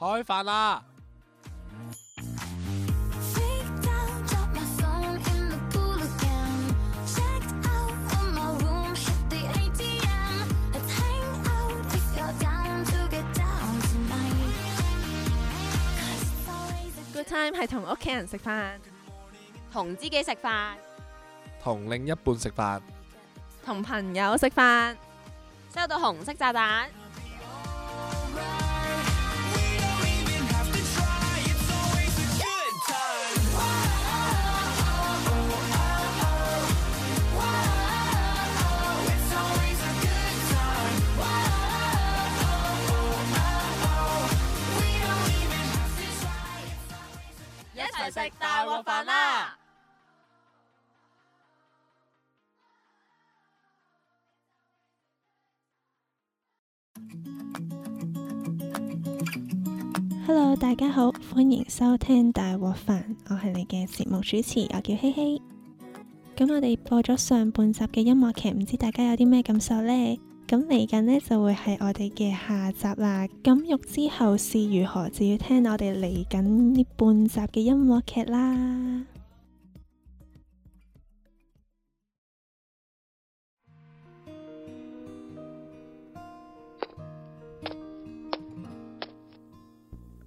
開飯啦！Good time 係同屋企人食飯，同自己食飯，同另一半食飯，同朋友食飯，收到紅色炸彈。食大鑊飯啦！Hello，大家好，歡迎收聽大鑊飯，我係你嘅節目主持，我叫希希。咁我哋播咗上半集嘅音樂劇，唔知大家有啲咩感受呢？咁嚟緊呢就會係我哋嘅下集啦。咁欲知後事如何，就要聽我哋嚟緊呢半集嘅音樂劇啦。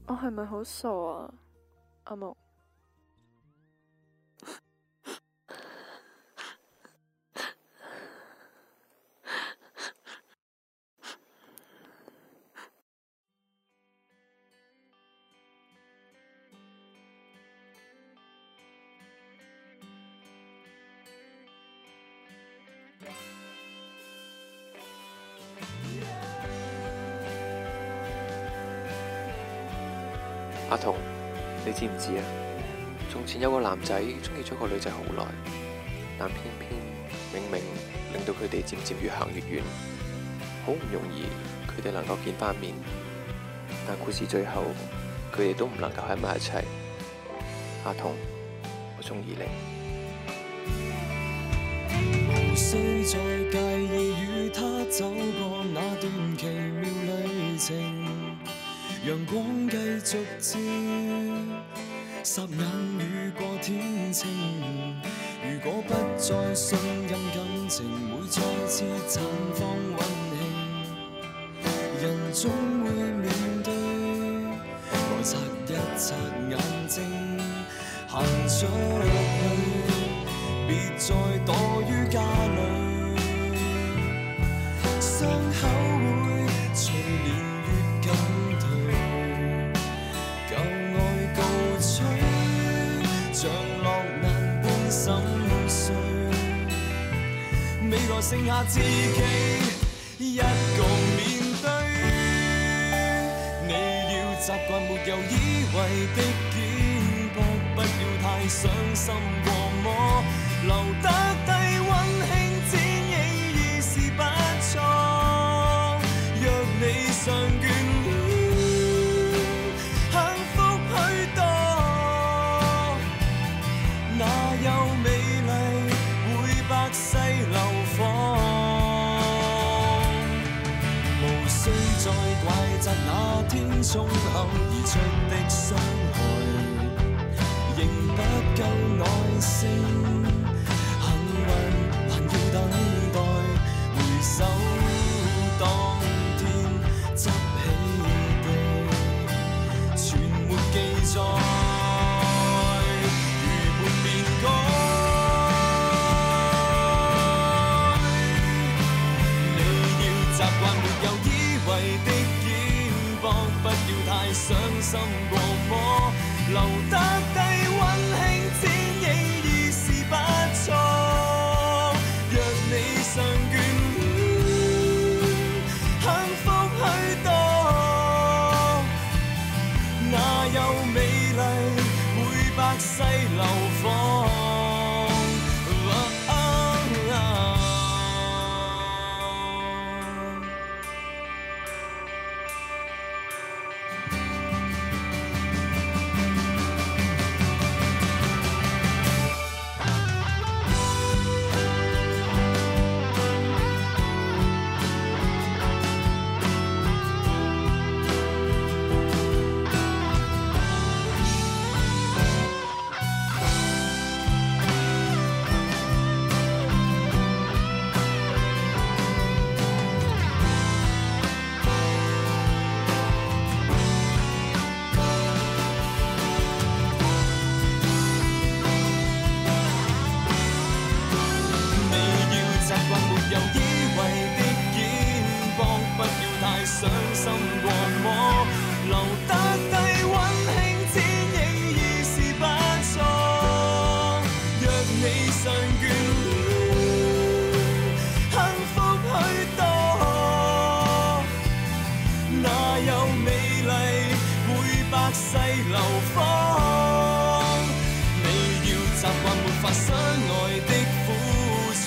我係咪好傻啊，阿木？阿童，你知唔知啊？從前有個男仔鍾意咗個女仔好耐，但偏偏明明令到佢哋漸漸越行越遠，好唔容易佢哋能夠見翻面，但故事最後佢哋都唔能夠喺埋一齊。阿童，我鍾意你。無需再介意與他走過那段奇妙旅程陽光繼續照，霎眼雨過天晴。如果不再信任感情，會再次綻放溫馨。人總會面對，來擦一擦眼睛，行出去，別再躲於家裏，傷口。剩下自己一個面對，你要習慣沒有以為的肩膊，不要太傷心過麼？留得。衝口而出的傷害，仍不夠耐性。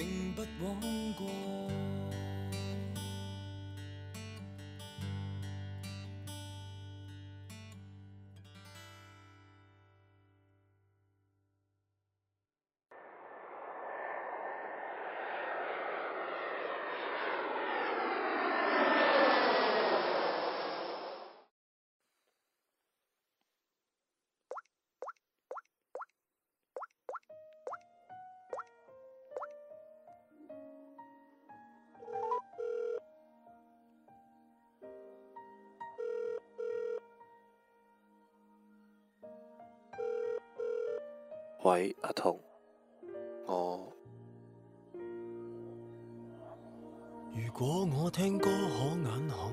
並不枉過。喂，阿彤，我。如果我聽歌可眼紅，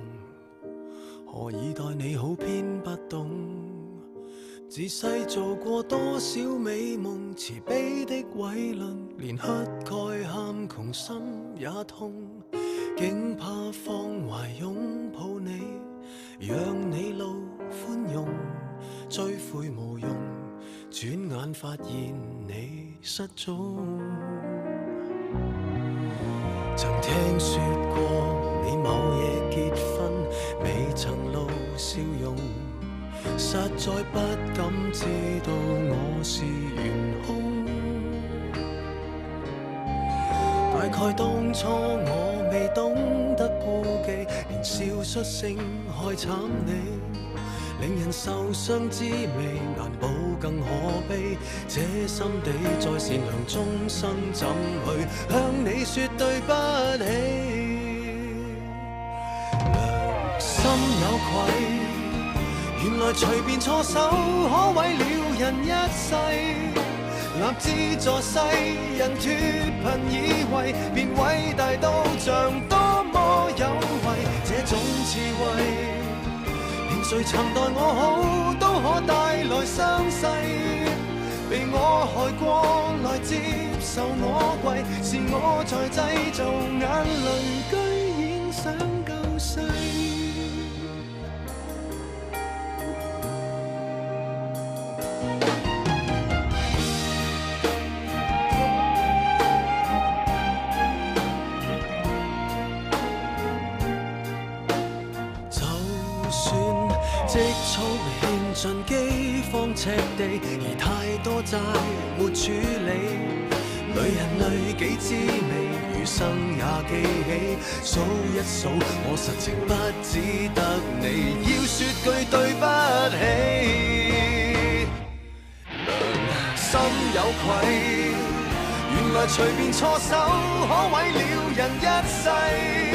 何以待你好偏不懂？自細做過多少美夢，慈悲的偉論，連乞丐喊窮心也痛，竟怕放懷擁抱你，讓你露歡容，追悔無用。轉眼發現你失蹤， 曾聽說過你某夜結婚，未曾露笑容。實在不敢知道我是元凶。 大概當初我未懂得顧忌，年少率性害慘你，令人受傷滋味難補。更可悲，這心地再善良終身，終生怎去向你説對不起？良心有愧，原來隨便錯手可毀了人一世。立志助世人脫貧以為便偉大到像多麼有為，這種智慧。誰曾待我好，都可帶來傷勢，被我害過來接受我跪，是我在製造眼淚。呃、赤地而太多債沒處理，累人累己滋味，餘生也記起。數一數，我實情不只得你，要說句對不起，心有愧。原來隨便錯手可毀了人一世。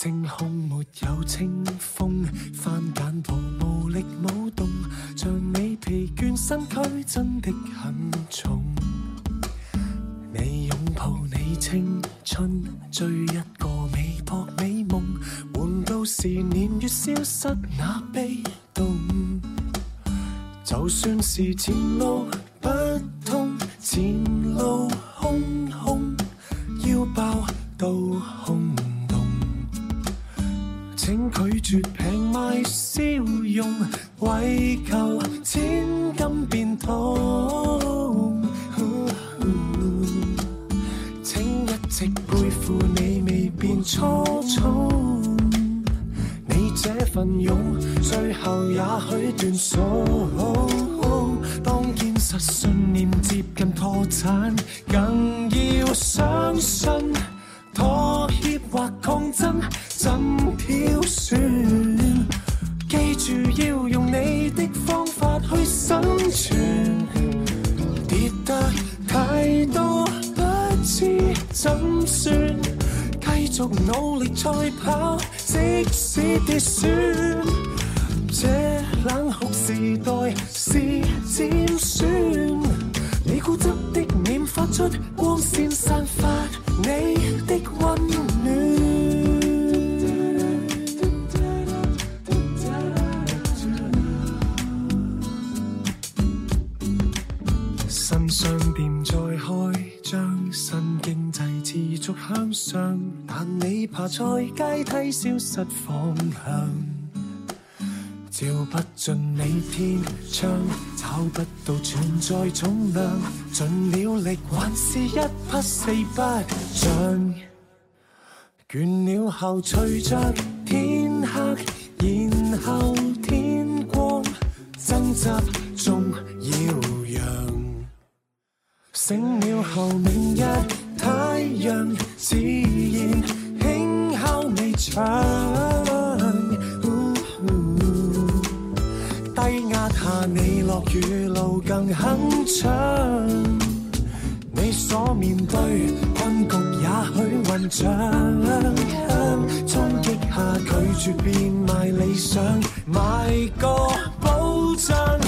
晴空沒有清風，帆板舞無力舞動。像你疲倦身軀，真的很重。你擁抱你青春，追一個微薄美夢，換到是年月消失那悲動，就算是前路。笑容，為求千金變土。 請一直背負你未變初衷。 你這份勇，最後也許斷送。 當堅實信念接近破產，更要相信。續努力賽跑，即使跌損。這冷酷時代是尖酸，你固執的臉發出光線，散發你的温暖。新商店再開張，新經濟持續向上。但你爬在階梯，消失方向，照不進你天窗，找不到存在重量，盡了力還是一匹四不像。倦了後隨着天黑，然後天光，掙扎中要讓，醒了後明日。太陽自然輕敲你窗，uh, uh，低壓下你落雨路更鏗鏘。你所面對困局，也許混帳。衝擊下拒絕變賣理想，買個保障。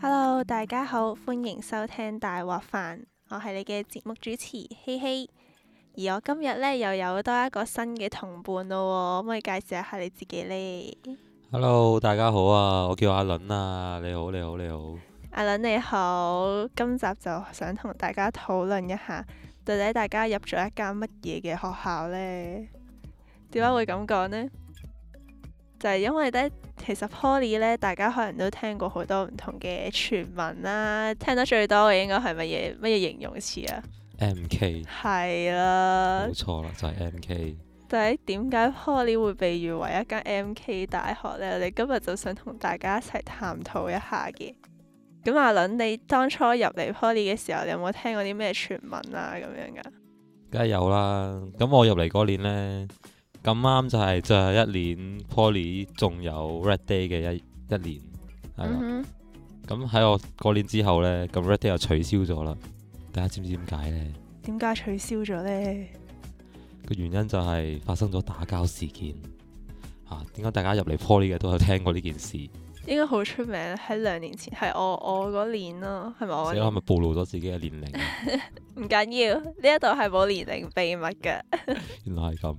Hello，大家好，歡迎收聽大鑊飯，我係你嘅節目主持希希，而我今日呢，又有多一個新嘅同伴咯喎，可唔可以介紹一下你自己呢？Hello，大家好啊，我叫阿倫啊，你好，你好，你好，阿倫你好，今集就想同大家討論一下到底大家入咗一間乜嘢嘅學校呢？點解會咁講呢？就係因為咧，其實 Poly 咧，大家可能都聽過好多唔同嘅傳聞啦。聽得最多嘅應該係乜嘢乜嘢形容詞啊？MK 係啦，冇錯啦，就係 MK。但係點解 Poly 會被譽為一間 MK 大學咧？我哋今日就想同大家一齊探討一下嘅。咁阿倫，你當初入嚟 Poly 嘅時候，你有冇聽過啲咩傳聞啊？咁樣噶？梗係有啦。咁我入嚟嗰年咧。咁啱就係最後一年，Poly 仲有 Red Day 嘅一一年，係啦。咁喺我過年之後呢，咁 Red Day 又取消咗啦。大家知唔知點解呢？點解取消咗呢？個原因就係發生咗打交事件。嚇、啊？點解大家入嚟 Poly 嘅都有聽過呢件事？應該好出名，喺兩年前，係我我嗰年咯，係咪？所以係咪暴露咗自己嘅年齡？唔緊要，呢一度係冇年齡秘密嘅。原來係咁，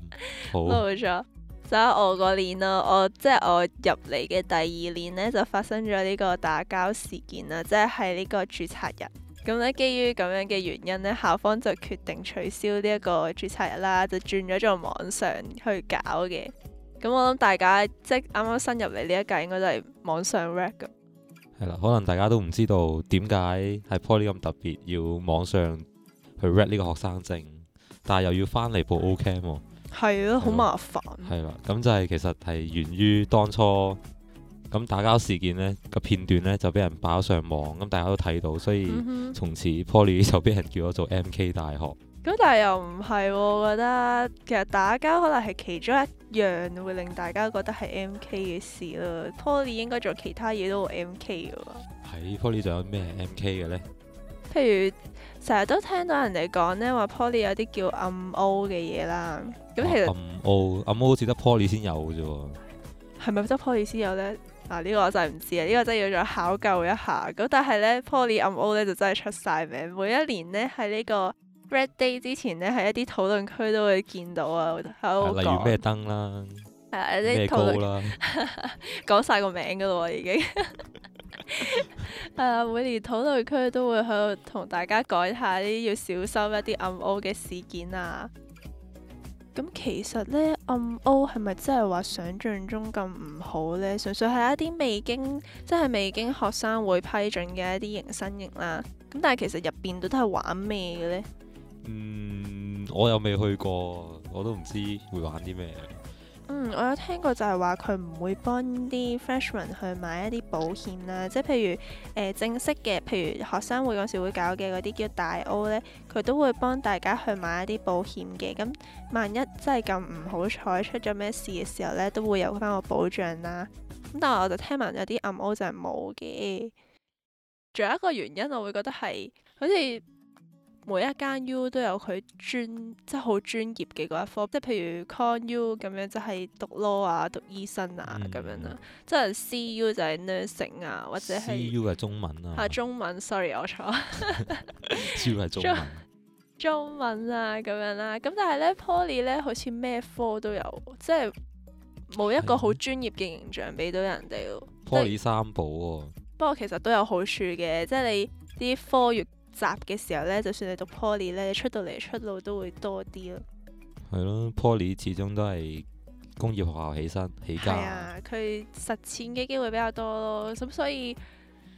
冇錯。就係，我嗰年咯，即我即係我入嚟嘅第二年呢，就發生咗呢個打交事件啦，即係喺呢個註冊日。咁呢，基於咁樣嘅原因呢，校方就決定取消呢一個註冊日啦，就轉咗做網上去搞嘅。咁我諗大家即係啱啱新入嚟呢一屆，應該都係網上 r a d 噶。係啦，可能大家都唔知道點解係 Poly 咁特別要網上去 read 呢個學生證，但係又要翻嚟部 o k a m 係咯，好的麻煩。係啦，咁就係、是、其實係源於當初咁打交事件呢個片段呢，就俾人擺咗上網，咁大家都睇到，所以從此 Poly 就俾人叫咗做 MK 大學。咁但係又唔係喎，我覺得其實打交可能係其中一樣會令大家覺得係 M K 嘅事咯。Poly 應該做其他嘢都 M K 噶喎。喺 Poly 仲有咩 M K 嘅咧？譬如成日都聽到人哋講咧，話 Poly 有啲叫暗 O 嘅嘢啦。咁其實、啊、暗 O 暗 O 好似得 Poly 先有嘅啫。係咪得 Poly 先有咧？嗱、啊、呢、這個我就唔知啦。呢、這個真係要再考究一下。咁但係咧，Poly 暗 O 咧就真係出晒名。每一年咧喺呢、這個。Red Day 之前呢，喺一啲討論區都會見到講啊，喺例如咩燈啦，係啊啲討論啦，講晒個名噶咯，已經係 啊，每年討論區都會喺度同大家講下啲要小心一啲暗 O 嘅事件啊。咁 其實呢，暗 O 係咪真係話想象中咁唔好呢？純粹係一啲未經即係未經學生會批准嘅一啲迎新營啦。咁但係其實入邊到底係玩咩嘅呢？嗯，我又未去過，我都唔知會玩啲咩。嗯，我有聽過就係話佢唔會幫啲 freshman 去買一啲保險啦，即係譬如誒，正式嘅，譬如學生會嗰時會搞嘅嗰啲叫大 O 呢，佢都會幫大家去買一啲保險嘅。咁萬一真係咁唔好彩，出咗咩事嘅時候呢，都會有翻個保障啦。咁但係我就聽聞有啲暗 O 就係冇嘅。仲有一個原因，我會覺得係好似。每一間 U 都有佢專即係好專業嘅嗰一科，即係譬如 Con U 咁樣，就係讀 law 啊、讀醫生啊咁、嗯、樣啦。即係 CU 就係 nursing 啊，或者係 CU 係中文啊。嚇中文，sorry 我錯。U 係中文。Sorry, 中文啊，咁樣啦。咁但係咧，Poly 咧好似咩科都有，即係冇一個好專業嘅形象俾到人哋咯。的的 Poly 三寶喎、哦。不過其實都有好處嘅，即係你啲科越集嘅時候呢，就算你讀 poly 呢，出到嚟出路都會多啲咯。係咯，poly 始終都係工業學校起身起家。係啊，佢實踐嘅機會比較多咯。咁所以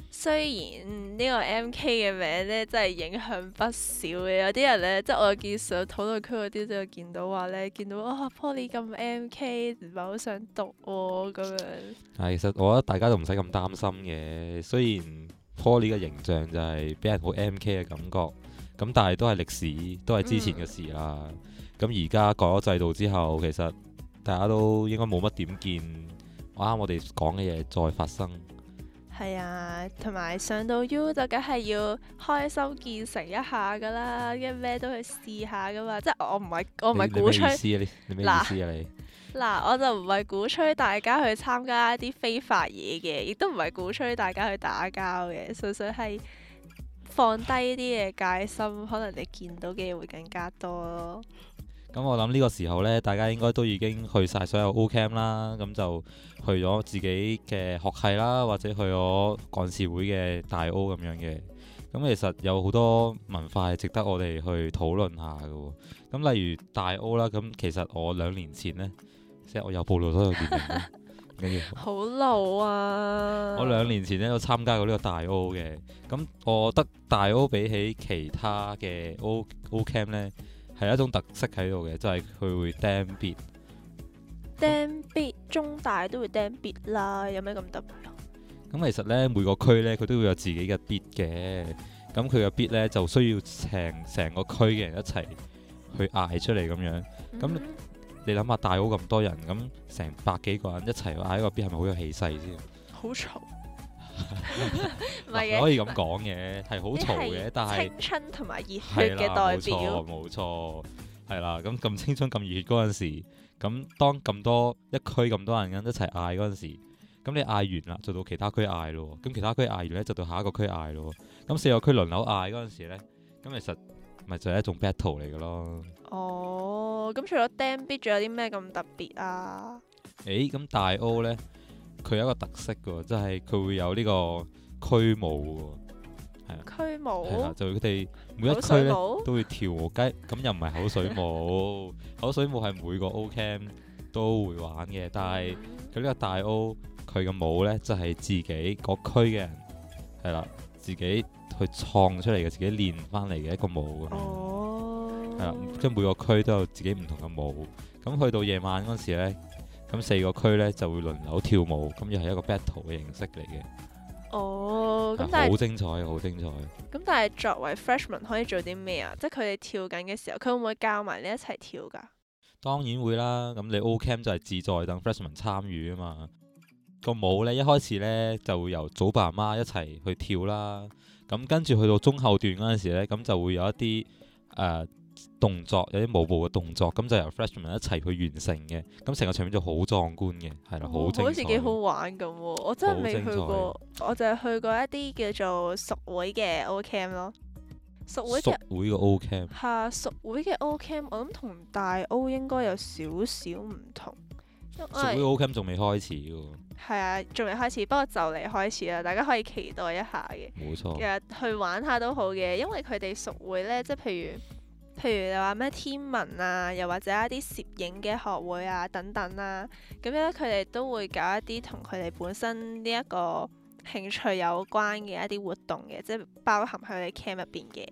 雖然個 MK 呢個 MK 嘅名呢真係影響不少嘅。有啲人呢，即係我見上討論區嗰啲都有見到話呢，見到哇、哦、poly 咁 MK 唔係好想讀哦咁樣。係、哎，其實我覺得大家都唔使咁擔心嘅，雖然。Poly 嘅形象就係俾人好 MK 嘅感覺，咁但係都係歷史，都係之前嘅事啦。咁而家改咗制度之後，其實大家都應該冇乜點見啱啱我哋講嘅嘢再發生。係啊，同埋上到 U 就梗係要開心見成一下噶啦，一咩都去試下噶嘛。即係我唔係我唔係鼓吹嗱，你咩意思啊你？嗱，我就唔係鼓吹大家去參加一啲非法嘢嘅，亦都唔係鼓吹大家去打交嘅，純粹係放低啲嘅戒心，可能你見到嘅嘢會更加多咯。咁我諗呢個時候呢，大家應該都已經去晒所有 O Camp 啦，咁就去咗自己嘅學系啦，或者去咗幹事會嘅大 O 咁樣嘅。咁其實有好多文化係值得我哋去討論下㗎。咁例如大 O 啦，咁其實我兩年前呢。即我所 係我有暴露咗個秘密，好老啊！我兩年前咧都參加過呢個大 O 嘅，咁我覺得大 O 比起其他嘅 O O camp 咧係一種特色喺度嘅，就係、是、佢會釘 bit Damn beat,、oh。釘 bit 中大都會釘 bit 啦，有咩咁特別啊？咁其實咧每個區咧佢都會有自己嘅 bit 嘅，咁佢嘅 bit 咧就需要成成個區嘅人一齊去嗌出嚟咁樣，咁、mm。Hmm. 嗯你諗下，大好咁多人，咁成百幾個人一齊嗌喺嗰邊，係咪好有氣勢先？好嘈吵，唔 的 可以咁講嘅，係好嘈嘅，但係青春同埋熱血嘅代表，冇錯，冇錯，係啦。咁咁青春咁熱血嗰陣時，咁當咁多一區咁多人一齊嗌嗰陣時，咁你嗌完啦，就到其他區嗌咯。咁其他區嗌完咧，就到下一個區嗌咯。咁四個區輪流嗌嗰陣時咧，咁其實咪就係一種 battle 嚟嘅咯。哦。Oh 咁、哦、除咗 dem beat 仲有啲咩咁特別啊？誒、欸，咁大 O 咧，佢有一個特色嘅，即係佢會有呢個區舞嘅。啊，區舞係啊，就佢哋每一區咧都會跳雞，咁又唔係口水舞， 口水舞係每個 O cam 都會玩嘅，但係佢呢個大 O 佢嘅舞咧，就係、是、自己各區嘅人係啦，自己去創出嚟嘅，自己練翻嚟嘅一個舞係啦，即係、嗯、每個區都有自己唔同嘅舞。咁去到夜晚嗰時呢，咁四個區呢就會輪流跳舞，咁又係一個 battle 嘅形式嚟嘅。哦，咁但係好、啊、精彩，好精彩。咁但係作為 freshman 可以做啲咩啊？即係佢哋跳緊嘅時候，佢會唔會教埋你一齊跳㗎？當然會啦。咁你 O Camp 就係志在等 freshman 參與啊嘛。個舞呢，一開始呢就會由祖爸媽一齊去跳啦。咁跟住去到中後段嗰陣時呢，咁就會有一啲誒、呃動作有啲舞步嘅動作，咁、嗯、就由 freshman 一齊去完成嘅，咁、嗯、成個場面就、哦、好壯觀嘅。係啦，好，好似幾好玩咁、哦。我真係未去過，我就係去過一啲叫做熟會嘅 o camp 咯，熟會嘅 o camp 係熟會嘅 o camp。Cam 啊、o cam，我諗同大 O 應該有少少唔同。因為熟會 o camp 仲未開始噶？係啊，仲未開始，不過就嚟開始啦，大家可以期待一下嘅。冇錯，其實去玩下都好嘅，因為佢哋熟會咧，即係譬如。譬如你話咩天文啊，又或者一啲攝影嘅學會啊等等啦、啊，咁樣佢哋都會搞一啲同佢哋本身呢一個興趣有關嘅一啲活動嘅，即係包含喺你 camp 入邊嘅。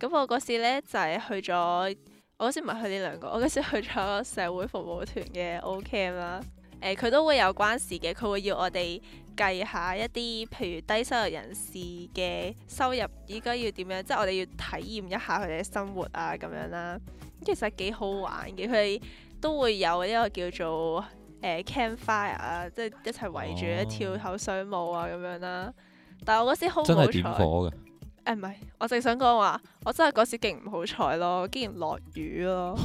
咁我嗰時咧就係、是、去咗，我嗰時唔係去呢兩個，我嗰時去咗社會服務團嘅 O Camp 啦。誒佢、呃、都會有關事嘅，佢會要我哋計下一啲，譬如低收入人士嘅收入應該要點樣，即係我哋要體驗一下佢哋嘅生活啊咁樣啦。咁其實幾好玩嘅，佢哋都會有一個叫做誒、呃、campfire、哦、啊，即係一齊圍住一跳口水舞啊咁樣啦。但係我嗰時好唔好彩？真係點火㗎？誒唔係，我淨係想講話，我真係嗰時勁唔好彩咯，竟然落雨咯，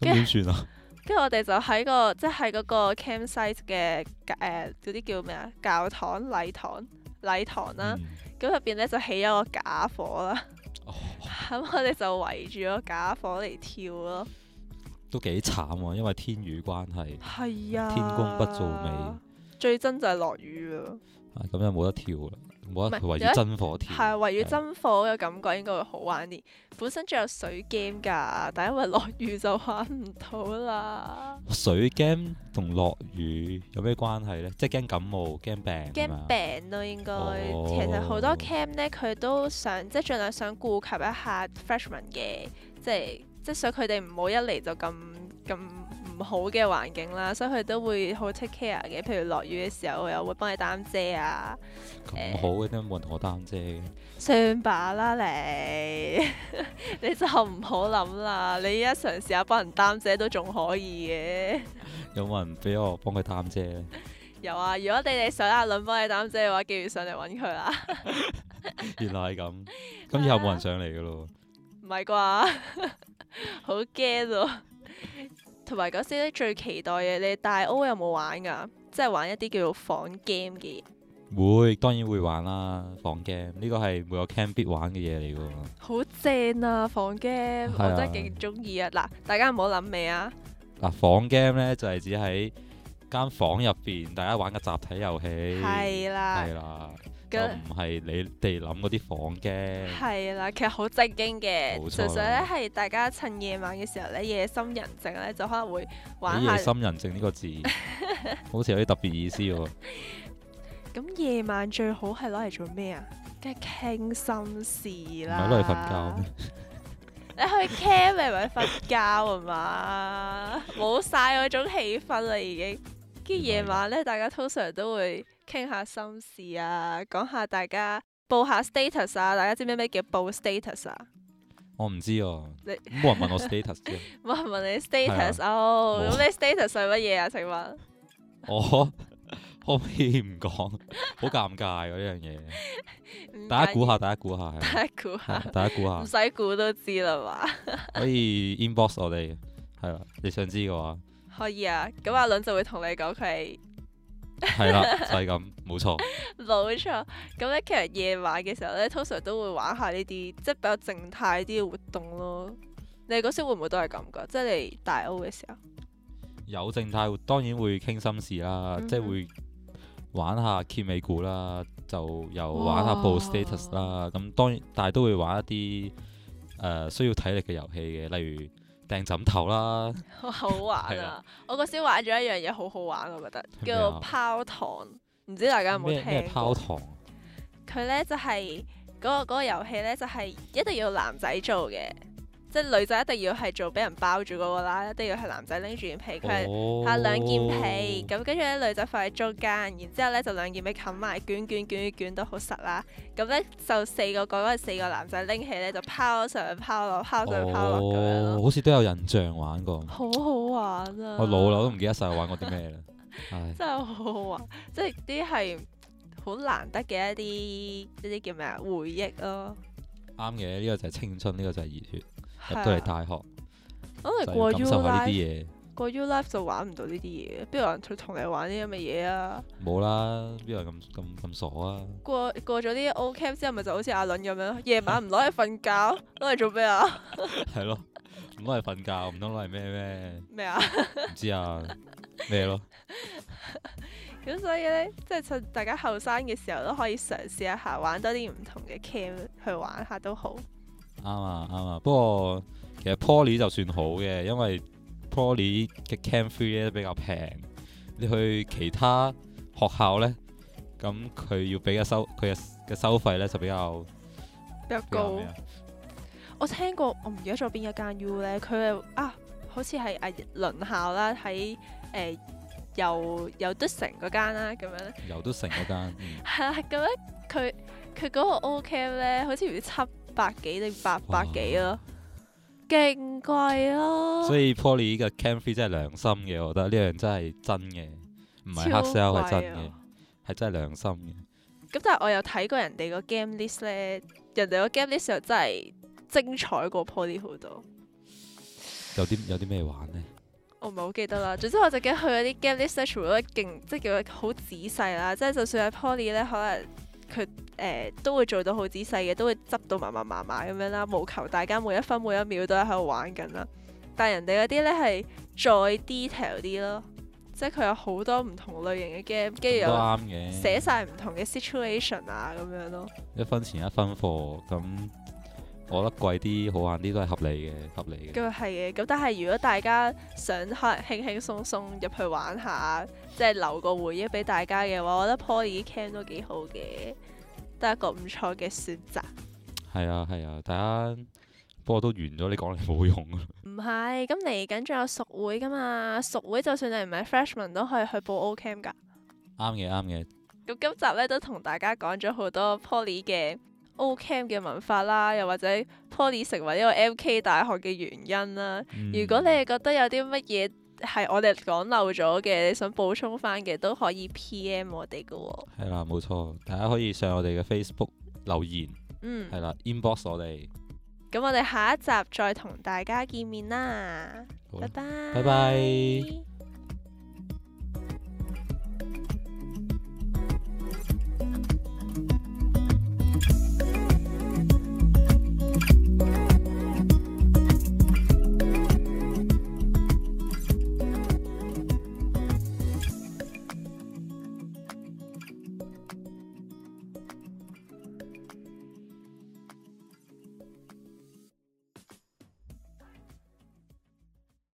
咁點算啊？後 跟住我哋就喺個即係嗰個 campsite 嘅誒嗰、呃、啲叫咩啊？教堂禮堂禮堂啦，咁入邊咧就起咗個假火啦，咁、哦、我哋就圍住個假火嚟跳咯。都幾慘啊！因為天雨關係，係啊，天公不做美，最憎就係落雨啦。咁又冇得跳啦。唔係為咗真火添，係啊，為咗真火嘅感覺應該會好玩啲。係嘅。本身仲有水 game 㗎，但係因為落雨就玩唔到啦。水 game 同落雨有咩關係咧？即係驚感冒、驚病。驚病咯，應該、哦、其實好多 camp 咧，佢都想即係盡量想顧及一下 freshman 嘅，即係即係想佢哋唔好一嚟就咁咁。好嘅環境啦，所以佢都會好 take care 嘅。譬如落雨嘅時候，又會幫你擔遮啊。咁好嘅，都冇人同我擔遮。算罷 啦，你你就唔好諗啦。你依家嘗試下幫人擔遮都仲可以嘅。有冇人俾我幫佢擔遮？ 有啊，如果你哋想阿倫幫你擔遮嘅話，記住上嚟揾佢啦。 原來係咁，咁以後冇人上嚟嘅咯。唔係啩？ 好驚喎怕！ 同埋嗰時咧最期待嘅，你大 O 有冇玩㗎？即係玩一啲叫做房 game 嘅嘢。會，當然會玩啦！房 game 呢個係每個 camp 必玩嘅嘢嚟㗎。好正啊！房 game、啊、我真係勁中意啊！嗱，大家唔好諗未啊！嗱，房 game 咧就係指喺間房入邊大家玩嘅集體遊戲。係啦。係啦。唔係你哋諗嗰啲房嘅，係啦，其實好正經嘅。冇錯，純粹咧係大家趁夜晚嘅時候咧，夜深人靜咧就可能會玩下。夜深人靜呢個字， 好似有啲特別意思喎。咁夜 晚最好係攞嚟做咩啊？梗係傾心事啦，咪攞嚟瞓覺 你去 camp 咪瞓覺係嘛？冇晒嗰種氣氛啦，已經。跟住夜晚咧， 大家通常都會。傾下心事啊，講下大家報下 status 啊，大家知唔知咩叫報 status 啊？我唔知，啊，冇你 人問我 status。冇 人問你 status 哦，咁你 status 係乜嘢啊？請問？我可唔可以唔講？好 尷我 不說笑尬嘅呢樣嘢。大家估下，大家估下，大家估下， 大家估下，唔使估都知啦嘛。 可以 inbox 我哋，係啊，你想知嘅話。可以啊，咁阿倫就會同你講佢。係啦，就係咁，冇錯，冇錯。咁咧，其實夜晚嘅時候咧，通常都會玩下呢啲，即係比較靜態啲嘅活動咯。你哋嗰時會唔會都係咁噶？即、就、係、是、你大 O 嘅時候，有靜態，當然會傾心事啦，嗯、哼即係會玩下揭尾故啦，就又玩下 b a status 啦。咁哇當然，但係都會玩一啲誒、呃、需要體力嘅遊戲嘅，例如。掟枕頭啦，好好玩啊！我嗰時玩咗一樣嘢，好好玩，我覺得，叫做拋糖，唔知大家有冇聽？咩拋糖？佢咧就係嗰個嗰個遊戲咧，就係一定要男仔做嘅。即係女仔一定要係做俾人包住嗰個啦，一定要係男仔拎住件被。佢係兩件被，咁，跟住咧女仔放喺中間，然之後咧就兩件被冚埋，卷卷卷捲到好實啦。咁咧就四個角嗰四個男仔拎起咧就拋上去、拋落拋上去、拋落。咁好似都有印象玩過，好好玩啊！我老啦，我都唔記得曬玩過啲咩啦， 哎、真係好好玩，即係啲係好難得嘅一啲一啲叫咩啊回憶咯。啱嘅， 呢個就係青春，呢個就係熱血。 都係大學，可能、啊、過 U your life, life 就玩唔到呢啲嘢，邊有人同你玩啲咁嘅嘢啊？冇啦，邊度咁咁咁傻啊？過過咗啲 O Camp 之後，咪就好似阿倫咁樣，夜晚唔攞嚟瞓覺，攞嚟做咩啊？係 咯，唔攞嚟瞓覺，唔通攞嚟咩咩？咩麼啊？唔 知啊？咩咯？咁 所以咧，即係趁大家後生嘅時候都可以嘗試一下，玩多啲唔同嘅 Camp 去玩下都好。啱啊，啱啊，不過其實 Poly 就算好嘅，因為 Poly 嘅 Camp free 咧，比較平，你去其他學校咧，咁佢要俾嘅收佢嘅嘅收費咧就比較比較高。較高，我聽過，我唔記得咗邊一間 U 咧，佢係啊，好似係阿倫校啦，喺誒、呃、由由德城嗰間啦咁樣。由德城嗰間。係啊，咁咧佢佢嗰個 O Camp 咧，好似唔知七。百幾定八百幾咯，勁哇貴啊！所以 Poly 呢個 camp fee 真係良心嘅，我覺得呢樣真係真嘅，唔係黑 sell 係真嘅，係、啊、真係良心嘅。咁但係我有睇過人哋個 game list 咧，人哋個 game list 又真係精彩過 Poly 好多。有啲有啲咩玩呢？ 我唔係好記得啦。總之我就記得去嗰啲 game list 嗰啲勁，即係叫好仔細啦。即、就、係、是、就算喺 Poly 咧，可能。佢誒、呃、都會做到好仔細嘅，都會執到密密麻麻咁樣啦。務求大家每一分每一秒都喺度玩緊啦。但係人哋嗰啲呢係再 detail 啲咯，即係佢有好多唔同類型嘅 game，跟住又啱嘅，寫晒唔同嘅 situation 啊咁樣咯。一分錢一分貨咁。我覺得貴啲、好玩啲都係合理嘅，合理嘅。咁啊係嘅，咁但係如果大家想可能輕輕鬆鬆入去玩下，即係留個回憶俾大家嘅話，我覺得 Poly camp 都幾好嘅，都係一個唔錯嘅選擇。係啊係啊，大家不過都完咗，你講嚟冇用。唔係，咁嚟緊仲有熟會噶嘛？熟會就算你唔係 freshman 都可以去報 O camp 噶。啱嘅啱嘅。咁、嗯嗯、今集咧都同大家講咗好多 Poly 嘅。O camp 嘅文化啦，又或者 Poly 成為一個 MK 大學嘅原因啦。嗯，如果你係覺得有啲乜嘢係我哋講漏咗嘅，你想補充翻嘅都可以 PM 我哋㗎喎。係啦，冇錯，大家可以上我哋嘅 Facebook 留言。嗯，係啦，Inbox 我哋。咁我哋下一集再同大家見面啦。拜拜，拜拜。